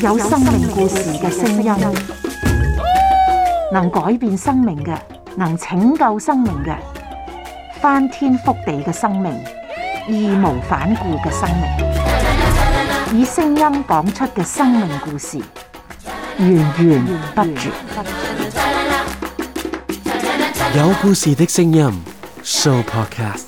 有生命故事嘅聲音，能改變生命嘅，能拯救生命嘅，翻天覆地嘅生命，義無反顧嘅生命，以聲音講出嘅生命故事，源源不絕。有故事嘅聲音，Show Podcast。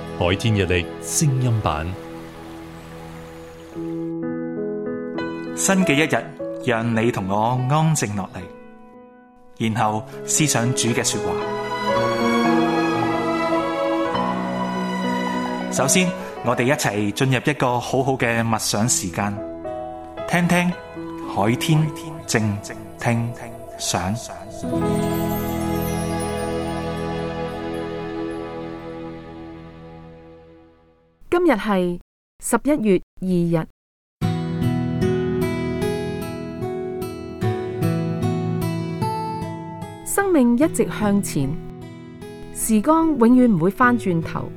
海天日曆聲音版，新嘅一日，讓你同我安靜落嚟，然後思想主嘅說話。首先，我哋一齊進入一個好好嘅默想時間，聽聽海天靜靜聽，聽想。今日係十一月二日。生命一直向前，時光永遠唔會返轉頭。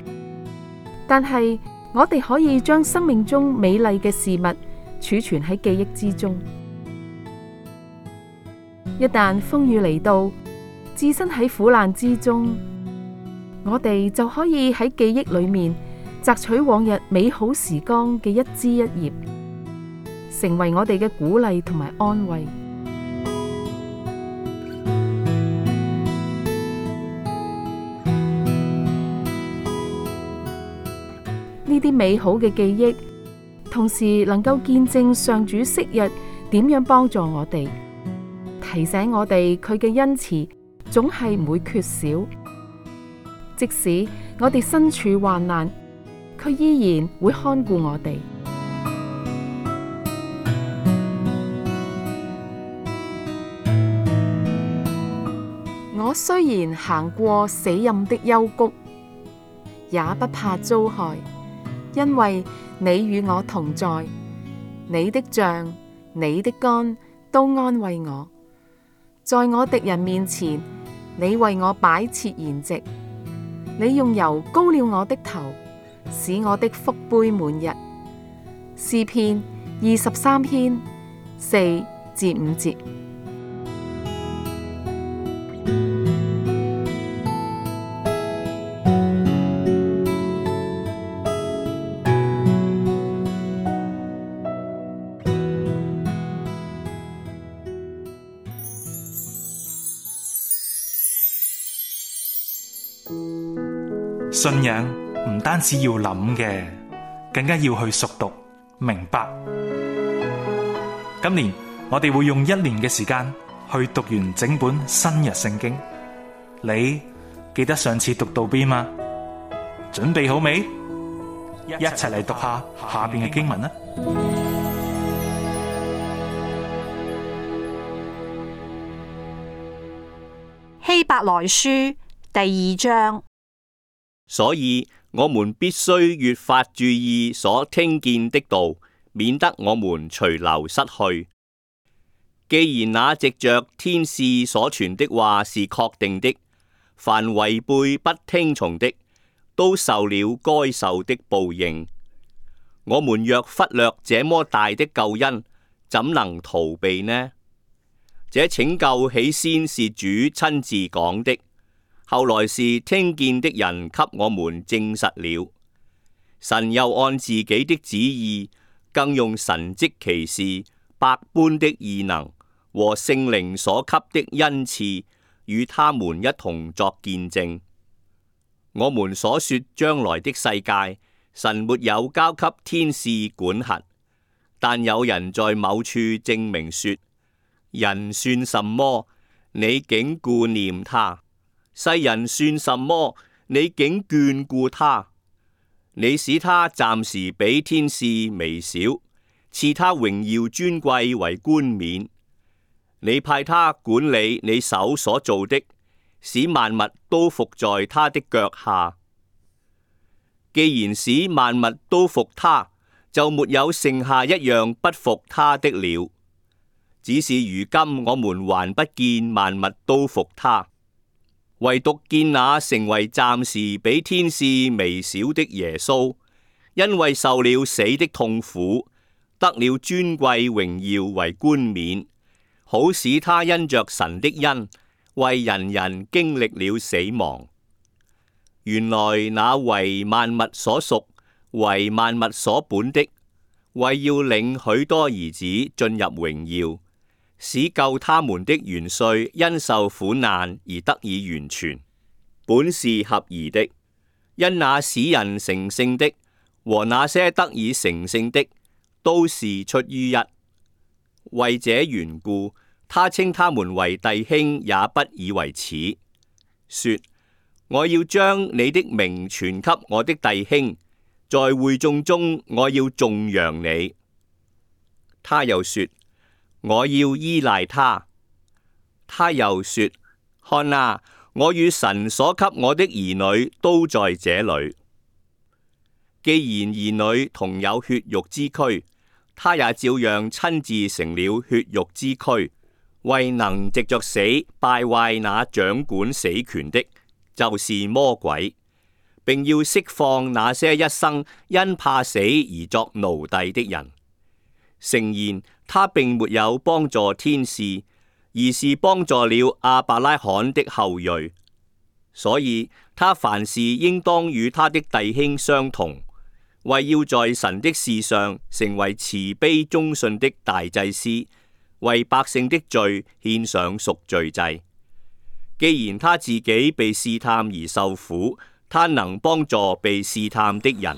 但係我哋可以將生命中美麗嘅事物儲存喺記憶之中。一旦風雨嚟到，置身喺苦難之中，我哋就可以喺記憶裏面。摘取往日美好時光嘅一枝一葉，成為我哋嘅鼓勵同埋安慰。呢啲美好嘅記憶，同時能夠見證上主昔日點樣幫助我哋，提醒我哋佢嘅恩慈總係唔會缺少，即使我哋身處患難。佢依然會看顧我哋。 我雖然行過死蔭的幽谷，也不怕遭害，因為你與我同在。你的杖、你的竿都安慰我，在我敵人面前，你為我擺設筵席，你用油膏了我的頭。使我的福杯滿溢。詩篇二十三篇四至五節。信仰。唔單止要諗嘅，更加要去熟讀明白。今年我哋會用一年嘅時間去讀完整本新約聖經。你記得上次讀到邊嗎？準備好未？一齊嚟讀下下面嘅經文啦。希伯來書第二章，所以。我們必須越發注意所聽見的道，免得我們隨流失去。既然那藉着天使所傳的話是確定的，凡違背不聽從的，都受了該受的報應。我們若忽略這麼大的救恩，怎能逃避呢？這拯救起先是主親自講的。後來是聽見的人給我們證實了。神又按自己的旨意，更用神蹟奇事、百般的異能和聖靈所給的恩賜，與他們一同作見證。我們所說將來的世界，神沒有交給天使管轄，但有人在某處證明說：人算什麼？你竟顧念他！世人算什麼？你竟眷顧他，你使他暫時比天使微小，賜他榮耀尊貴為冠冕。你派他管理你手所做的，使萬物都伏在他的腳下。既然使萬物都服他，就沒有剩下一樣不服他的了。只是如今我們還不見萬物都服他。唯獨見那成為暫時比天使微小的耶穌，因為受了死的痛苦，得了尊貴榮耀為冠冕，好使他因着神的恩，為人人經歷了死亡。原來那為萬物所屬、為萬物所本的，為要領許多兒子進入榮耀。使救他們的元帥因受苦難而得以完全，本是合宜的。因那使人成聖的和那些得以成聖的，都是出於一。為這緣故，他稱他們為弟兄，也不以為恥。說：我要將你的名傳給我的弟兄，在會眾中，我要頌揚你。他又說。我要依賴他。他又說：看啊，我與神所給我的兒女都在這裏。既然兒女同有血肉之軀，他也照樣親自成了血肉之軀，為能藉着死敗壞那掌管死權的，就是魔鬼，並要釋放那些一生因怕死而作奴隸的人。聖言。他並沒有幫助天使，而是幫助了亞伯拉罕的後裔，所以他凡事應當與他的弟兄相同，為要在神的事上成為慈悲忠信的大祭司，為百姓的罪獻上贖罪祭。既然他自己被試探而受苦，他能幫助被試探的人。